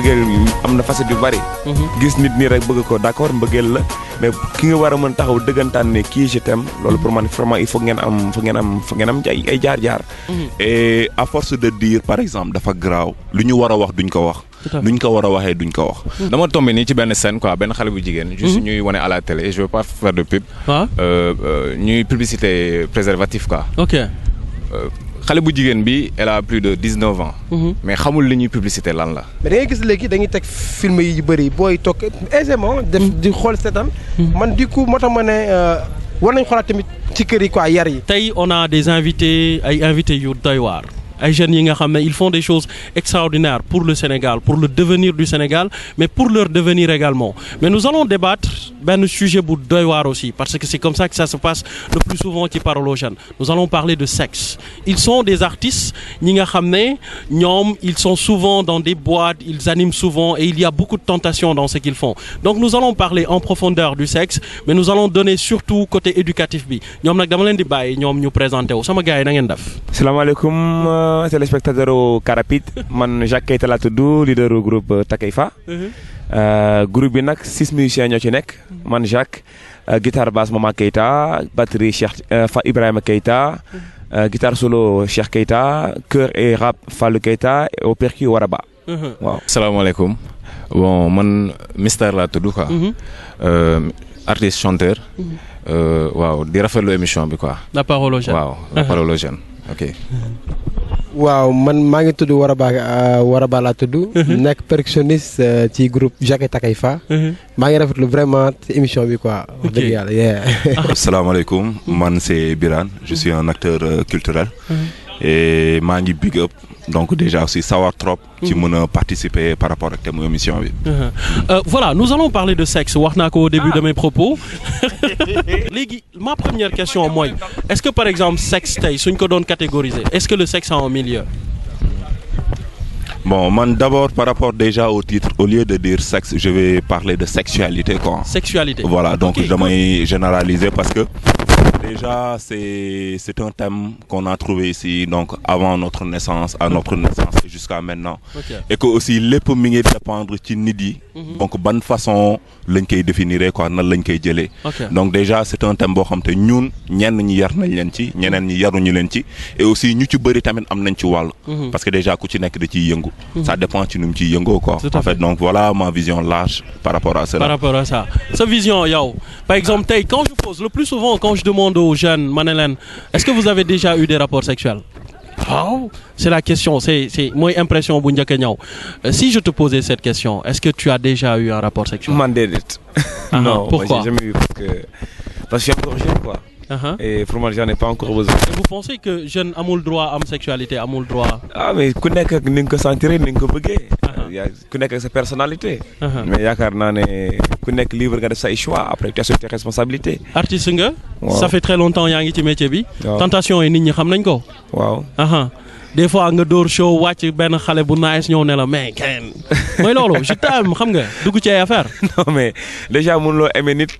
mbëggeel am na facette yu bari mhm. gis nit nii rek bëgg ko d'accord mbëggeel la mais ki nga war a mën taxaw dëggantaan ne kii je t'aime loolu pour man vraiment il faut ngeen am fa ngeen am fa ngeen am ay ay jaar-jaar mhm. et force de dire par exemple dafa graaw lu ñu war a wax duñ ko wax nuñ ko war a waxee du duñ ko wax mhm. dama tombé nii ci benn scène quoi benn xale bu jigéen juste ñuy wane à la télé je veux pas faire de pub ah. euh, euh, ñuy publicité préservatif quoi euh, xalé bu jigen bi elle a plus de 19 ans. Mhm. mais xamul li ñuy publicité lan la. mais da ngay gis da ngay tek film yi yu bëri boy toog aisément. def mhm. di xol seetaan. Mhm. man du coup moo tax euh, war nañ xolat tamit ci kër yi quoi yar yi. tay on a des invités ay invités yu doy waar ay ils font des choses extraordinaires pour le Sénégal pour le devenir du Sénégal mais pour leur devenir également mais nous allons débattre du sujet pour aussi parce que c'est comme ça que ça se passe le plus souvent qui parle aux jeunes nous allons parler de sexe ils sont des artistes ils sont souvent dans des boîtes ils animent souvent et il y a beaucoup de tentations dans ce qu'ils font donc nous allons parler en profondeur du sexe mais nous allons donner surtout côté éducatif Nous allons nag dama Salam di téléspectateur Carapide man Jacques Keita laa tudd leader groupe euh, Takeifa. Mhm. Euh, groupe bi nag six musiciens ñoo ci nekk. man Jacques euh, guitare basse Mama Keita batterie Cheikh Fa Ibrahima Keita. guitare solo Cheikh Keita chœur et rap Fallou Keita et au Waraba. Mhm. waaw salaamaaleykum bon man Mister laa tudd quoi. Mhm. artiste chanteur. waaw di rafetlu émission bi quoi. waaw la parole aux jeunes waaw man maa ngi tudd Warabala euh, Waraba laa tudd. Mhm. nekk percussionniste euh, ci groupe Jacques Takaifa. Mhm. maa rafetlu vraiment émission bi quoi. yalla. Yeah. yàlla. alaykoum, man c'est Birane je mhm. suis un acteur euh, culturel et mangi big up donc déjà aussi savoir trop. si a mm-hmm. participer par rapport à cette émission mm-hmm. euh, voilà nous allons parler de sexe Warnako, au début ah. de mes propos ma première question moi est-ce que par exemple sexe tey suñ ko catégorisée, est-ce que le sexe a un milieu. Bon, man, d'abord, par rapport déjà au titre, au lieu de dire sexe, je vais parler de sexualité. Quoi. Sexualité. Voilà, donc je vais généraliser parce que Déjà, c'est un thème qu'on a trouvé ici, donc avant notre naissance, à notre naissance jusqu'à maintenant. Et que aussi, les pommiers dépendre de Nidi. Mhm. Donc, bonne façon, l'un qui définirait quoi, l'un qui Donc, déjà, c'est un thème que nous, nous, nous, nañ ci et aussi YouTube ci bëri tamit am mhm. parce que déjà ku ci nekk qui mhm. ça dépend de nous mu en fait donc voilà ma vision large par rapport à ça. par rapport à ça sa vision yao par exemple quand je pose le plus souvent quand je demande Jeune aux est-ce que vous avez déjà eu des rapports sexuels C'est la question, c'est mon impression. Euh, si je te posais cette question, est-ce que tu as déjà eu un rapport sexuel ah, Non, pourquoi jamais eu parce que, parce que je suis encore jeune, quoi. Uh-huh. Et pour moi, j'en ai pas encore besoin. vous pensez que jeune a le droit à sexualité, a le droit Ah, mais je connais que je sentir, je Uh-huh. yaa ku nekk ak sa personnalité. Uh-huh. mais yaakaar naa ne ku nekk libre nga def say choix après tu as tes responsabilités. artiste nga. ça fait très longtemps yaa ngi ci métier bi. tentation yi nit ñi xam nañ ko. waaw. Uh-huh. des fois nga dóor show wàcc benn xale bu nice ñëw ne la mais kenn mooy loolu je t'aime xam nga dugg ci ay affaire non mais déjà mënuloo aimé nit.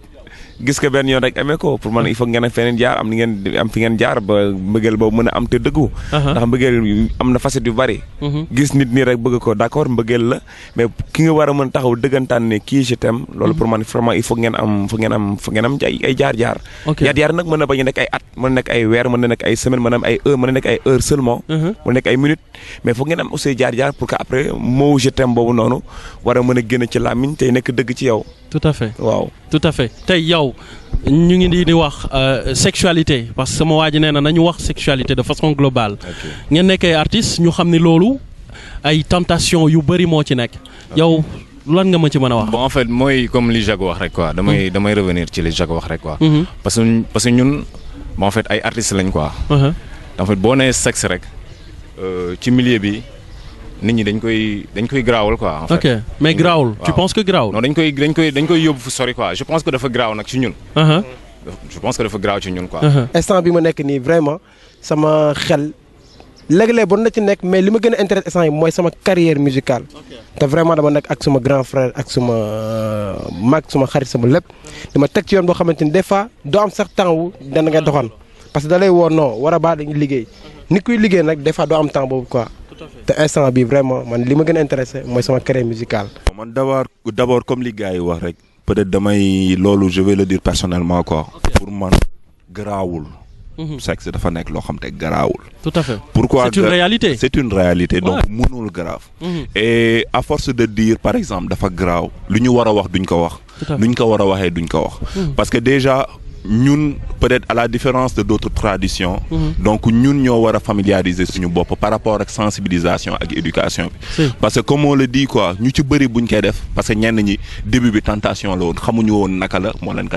gis ko benn yoon rek amee ko pour man il faut ngeen a feneen jaar am ni ngeen am fi ngeen jaar ba mbëggeel boobu mën a am te dëggu uh-huh. ndax mbëggeel am na facette yu bari uh-huh. gis nit nii rek bëgg ko d'accord mbëggeel la mais ki nga war a mën taxaw dëggantaan ne kii je loolu uh-huh. pour man vraiment il faut ngeen ngeen am fa ngeen am ay jaar-jaar jaar-jaar nag mën na bañ a nekk ay at mën na nekk ay weer mën na nekk ay semaine mën na nekk ay heure seulement mën nekk ay minute tout à fait Tay yow ñu ngi di wax euh, sexualité parce que sama waji néna nañu wax sexualité de façon globale. ngeen nekké artiste ñu xamni ni ay tentation yu bari mo ci nek. yow lan nga ma ci mëna wax. bon en fait moy comme li Jacques wax rek quoi. damay mhm. damay revenir ci li Jacques wax rek quoi. parce mhm. que parce que ñun en fait ay artistes lañ quoi. Uh-huh. en fait boo sexe rek euh, ci milieu bi nit ñi dañ koy dañ koy graawal quoi. en fait ok mais graawul. tu penses que graawul. non dañ koy dañ koy dañ koy yóbbu fu sori quoi je pense que dafa graaw nag ci ñun. Uh-huh. Mm. je pense que dafa graaw ci ñun quoi. Uh-huh. instant bi ma nekk nii vraiment sama xel. léeg-léeg bon na ci nekk mais li ma gën a intéressé instant yi mooy sama carrière musicale te vraiment dama nekk ak suma grand frère ak suma euh, mag suma xarit sama lépp dama teg ci yoon boo xamante ni des fois doo am sax temps wu dana nga doxan parce que da lay woo non war a baa dañuy liggéey uh-huh. ni kuy liggéey nag des fois doo am temps boobu quoi te instant bi vraiment man li ma gën intéressé moy sama carrière musicale. man d'abord d'abord comme li gars yi wax rek peut-être damay lolu je vais le dire personnellement quoi. pour man garaawul. Mhm. sexe dafa nek lo xam te garaawul. tout à fait pourquoi c'est une réalité c'est une réalité donc mënul grave. Mhm. et à force de dire par exemple dafa graw luñu wara wax duñ ko wax. nuñ ko wara waxé duñ ko wax. Mhm. parce que déjà ñun peut-être à la différence de d'autres traditions mhm. donc ñun ñoo war a familiariser suñu bop, par rapport la sensibilisation ak éducation parce que comme on le dit quoi ñu ci bëri buñ koy def parce que ñenn ñi début bi tentation la woon xamuñu woon naka la moo leen ko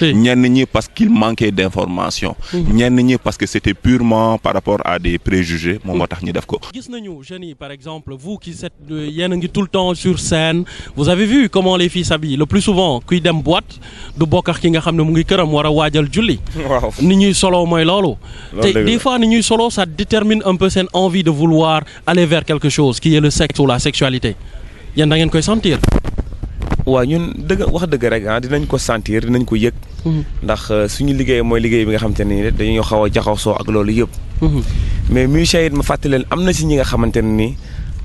Nous, ñenn ñi parce qu'il manquait d'information mhm. ñenn ñi parce que c'était purement par rapport à des préjugés moom moo tax ñu def ko nañu par exemple vous qui êtes euh, yéen ngi tout le temps sur scène vous avez vu comment les filles s'habillent le plus souvent kuy dem boîte du boîte, ak ki nga xam ne mu ngi këram war a waajal julli. ni ñuy solo mooy loolu. te des fois ni ñuy solo ça détermine un peu seen envie de vouloir aller vers quelque chose qui est le sexe ou la sexualité yéen da ngeen koy sentir. waaw ñun dëgg wax dëgg rek ah dinañ ko sentir dinañ ko yëg. Mhm. ndax euh, suñu liggéey mooy liggéey bi nga xamante ne dañoo xaw a jaxasoo ak loolu yëpp. Mhm. mais musiciens it ma fàttali leen am na si ñi nga xamante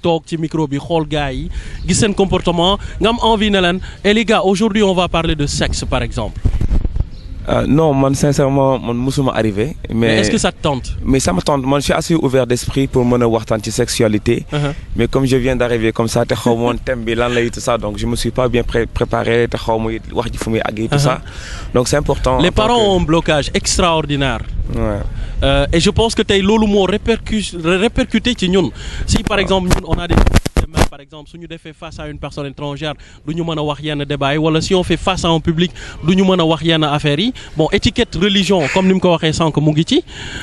talk ci micro bi xool comportement nga am envie ne et eh, les gars aujourd'hui on va parler de sexe par exemple euh, non, moi, sincèrement, mon musuma arrivé. Mais, est-ce que ça te tente Mais ça me tente. Moi, je suis assez ouvert d'esprit pour mon de sexualité. Uh-huh. Mais comme je viens d'arriver comme ça, mon thème, tout ça, donc je me suis pas bien préparé, tout ça. Uh-huh. Donc c'est important. Les parents ont un blocage extraordinaire. Ouais. Euh, et je pense que tu es l'eau répercuté chez nous. Si par exemple, on a des par exemple suñu fait face à une personne étrangère nous mëna wax yenn débat si on fait face à un public nous mëna wax yenn bon étiquette religion comme nous ko waxé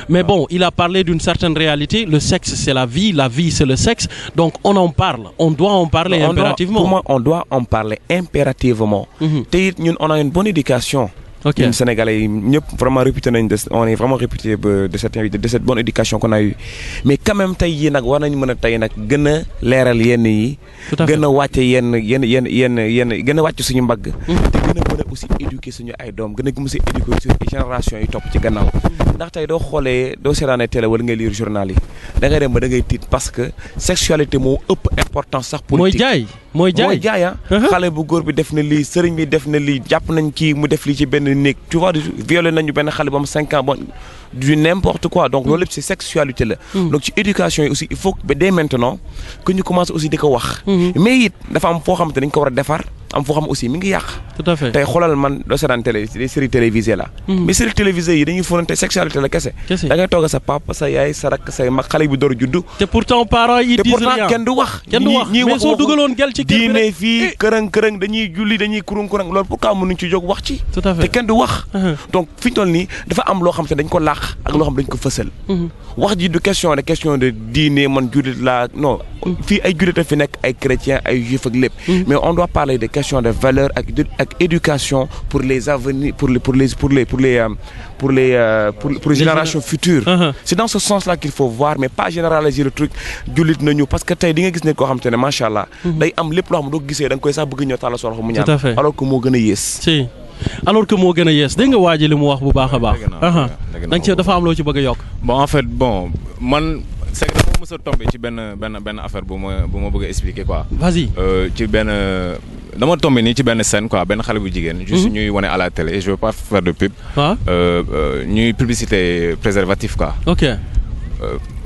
mais bon il a parlé d'une certaine réalité le sexe c'est la vie la vie c'est le sexe donc on en parle on doit en parler impérativement pour moi on doit en parler impérativement mhm. on a une bonne éducation vraiment on est vraiment réputé de cette bonne éducation qu'on a eu mais quand même il a yenn yi. a yenn mm. génération lire parce que sexualité moo ëpp importance sax politique mooy jaay ah uh-huh. xale bu góor bi def na lii sëriñ bi def na lii jàpp nañ kii mu def lii ci benn néeg tu vois violé nañu benn xale ba mu cinq ans bon du n'importe quoi donc loolu c'est sexualité la. Mm. donc ci éducation aussi il faut que dès maintenant que nous commencé aussi di ko wax. Mm-hmm. mais it dafa am foo xam te dañ ko war a am fo xam aussi mi ngi yàq. tout à fait tey xoolal man doo seetaan télé les séries télévisées là. Mm-hmm. mais séries télévisées yi dañuy fournante sexualité la kese. kese da ngay toog sa papa sa yaay sa rakk say mag xale bu door juddu. te pourtant parents yi disent rien te pourtant kenn du wax. kenn du wax mais soo dugaloon gel ci kër gi diine fii eh. kërëng kërëng dañuy julli dañuy kurung kurung loolu pourquoi mënuñ ci jóg wax ci. tout à fait te kenn du wax. Uh-huh. donc fi ñu toll nii dafa am loo xam te dañ ko laaj yàq ak lo xam dañ ko fësal. wax ji du question de question de diine man jullit la non. fi ay jullit fi nek ay chrétiens ay juif ak lepp mais on doit parler de question de valeur ak ak éducation pour les avenirs pour les pour les pour les pour les euh, pour les euh, pour les générations futures. Uh-huh. c'est dans ce sens là qu'il faut voir mais pas généraliser le truc jullit nañu parce que tay di nga gis ne ko xam tane machallah uh-huh. day am lepp lo xam do ko dang koy sax bëgg ñëw tàlla soo mu ñaan. alors que mo gëna a yées alors que mo gëna a yees dégg nga waa ji wax bu baax a baax. danga ci dafa am lo ci bëgg yok bon en fait bon man c'est que dafa mës a ci ben ben ben affaire bu ma bu ma bëgg expliquer quoi. vas-y euh, ci ben dama tomber ni ci ben scène quoi Ben, xalé bu jigen mhm. juste ñuy wane à la télé je veux pas faire de pub. Ah. Euh, euh ñuy publicité préservatif quoi. ok. Euh,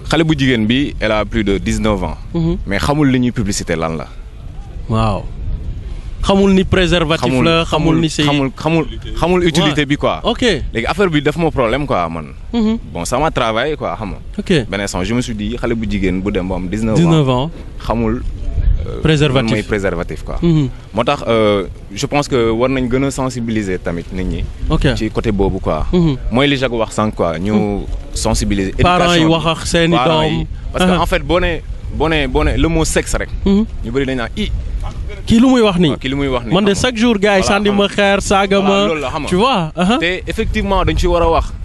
xalé bu jigen bi elle a plus de dix neuf ans. Mhm. mais xamul li ñuy publicité lan la. waaw xamul ni préservatif la xamul ni. xamul xamul xamul utilité bi quoi. ok léegi affaire bi daf ma problème quoi man. Mhm. bon sama travail quoi xam Ok. ok benn instant je me suis dit xale bu jigéen bu dem ba 19 ans 19 ans xamul. Euh, préservatif mooy préservatif quoi. Mhm. moo tax euh, je pense que war nañ gën a sensibiliser tamit nit ñi. ok ci côté boobu quoi. Mhm. mooy li jago wax sànq quoi ñu sensibiliser. éducation yi parents yi wax ak seeni doom parce que uh-huh. en fait boo nee boo boo le mot sexe rek. ñu bëri dañ naan i qui lu muy wax chaque jour gars ma tu vois. Uh-huh. effectivement dañ ci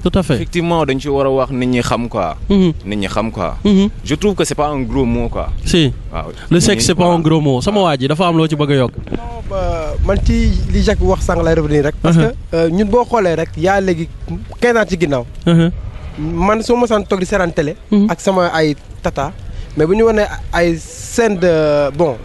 tout à fait effectivement dañ ci wax nit ñi xam quoi. Mm-hmm. Mm-hmm. je trouve que c'est pas un gros mot quoi. si le sexe c'est pas un gros mot sama waji dafa am ci bëgg bah, man ci li wax parce uh-huh. que euh, ñun bo xolé rek ya légui ci uh-huh. man tok di mm-hmm. ak sama tata mais bu ñu de bon.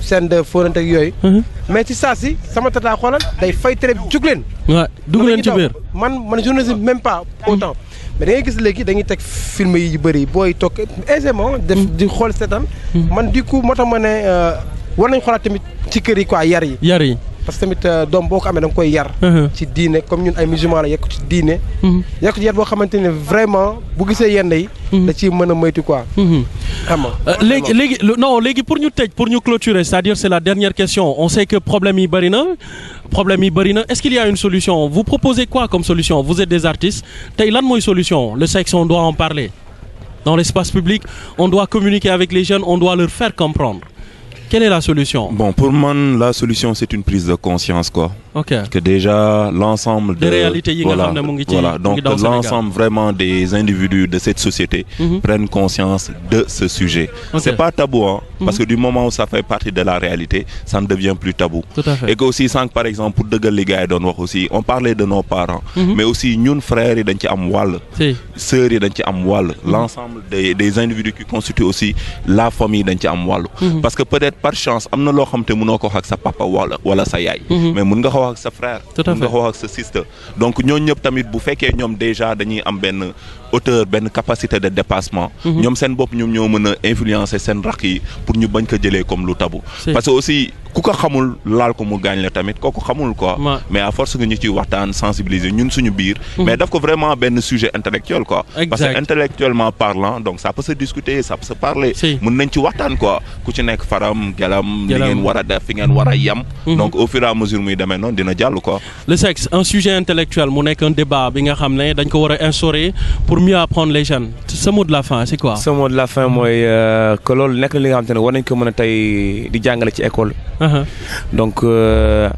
seen de fóonante ak yooyu. Mhm. mais ci saa si sama tata xoolal day fay tere jug leen. waaw dugg leen ci biir man man journaliste même pas autant. mais da gis léegi dañuy teg film yi yu bëri booy toog aisément. def mhm. di xool seetaan. Mhm. man du coup moo tax ma ne euh, war nañ xolaat tamit ci kër yi quoi yar yi. yar yi. parce que tamit euh, doom boo ko amee koy yar. Mhm. ci diiné comme ñun ay musulman la yekk ci diiné mhm. yekk ci yar boo vraiment bu gisee yenn yi. Mhm. da ci mëna a quoi. xam euh, légui non pour ñu pour ñu clôturer c'est-à-dire c'est la dernière question on sait que problème yi na problème yi bari na est-ce qu'il y a une solution vous proposez quoi comme solution vous êtes des artistes tay lan une solution le sexe on doit en parler dans l'espace public on doit communiquer avec les jeunes on doit leur faire comprendre. Quelle est la solution Bon, pour moi, la solution, c'est une prise de conscience, quoi que déjà l'ensemble de, réalités voilà, voilà, donc l'ensemble vraiment des individus de cette société mhm. prennent conscience de ce sujet. C'est pas tabou hein, mhm. parce que du moment où ça fait partie de la réalité, ça ne devient plus tabou. Et que aussi sans par exemple pour deugal les gars aussi, on parlait de nos parents, mhm. mais aussi nous frères et d'un am am l'ensemble des, des, individus qui constituent aussi la famille d'un ci Parce que peut-être par chance amna lo xamté mëno ko sa papa wala wala sa yaye mais xoox ak sa frère. nga xoox ak sa sister. donc ñoo ñëpp tamit bu fekkee ñoom déjà dañuy am benn hauteur ben capacité de dépassement. Mhm. ñom seen bop ñom ñoo mëna influencer seen rak yi pour ñu bañ ko jëlé comme lu tabou parce que aussi ku ko xamul laal ko mu gaañ la tamit kooku xamul quoi. mais à force que ñu ci waxtaan sensibiliser ñun suñu biir. Mhm. mais daf ko vraiment ben sujet intellectuel quoi. parce que intellectuellement parlant donc ça peut se discuter ça peut se parler. mën nañ ci waxtaan quoi ku ci nekk faram gelam. li ngeen wara def fi ngeen wara yam mhm. donc au fur et à mesure muy demee noonu dina jàll quoi. le sexe un sujet intellectuel mu nekk un débat bi nga xam ne dañ ko war a pour mieux apprendre les jeunes ce mot de la fin c'est quoi. ce mot de la fin moi euh, que li nga war uh-huh. donc euh,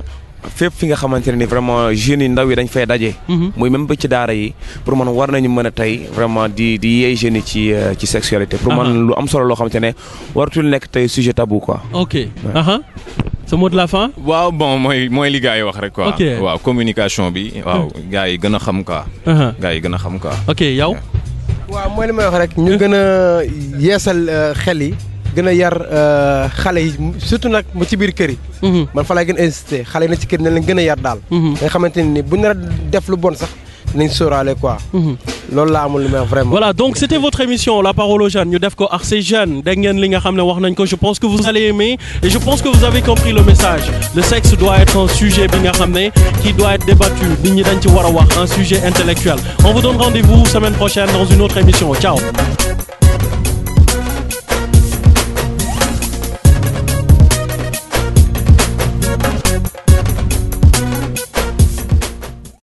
fait finir nga maintenir vraiment jeune yi ndaw yi dañ fay mm-hmm. même petit ci pour mon war mon vraiment di di et jeune euh, sexualité. pour man uh-huh. lu am solo tenait wartul sujet tabou quoi. ok. Uh-huh. sa mot de la fin. waaw bon mooy mooy li gars yi wax rek quoi. ok waaw communication bi. waaw hmm. gars yi gën a xam ka uh-huh. gars yi gën a xam quoi. ok yow. waaw mooy li may wax rek ñu gën a yeesal euh, xel yi. gën a yar euh, xale yi surtout nag mu ci biir kër yi. Mm-hmm. man fa laay gën a insister xale yi na ci kër yi na leen gën a yar daal. Mm-hmm. nga xamante ne ni bu ñu def lu bon sax. Mhm. voilà donc c'était votre émission la parole aux jeunes je pense que vous allez aimer et je pense que vous avez compris le message le sexe doit être un sujet qui doit être débattu un sujet intellectuel on vous donne rendez-vous semaine prochaine dans une autre émission ciao.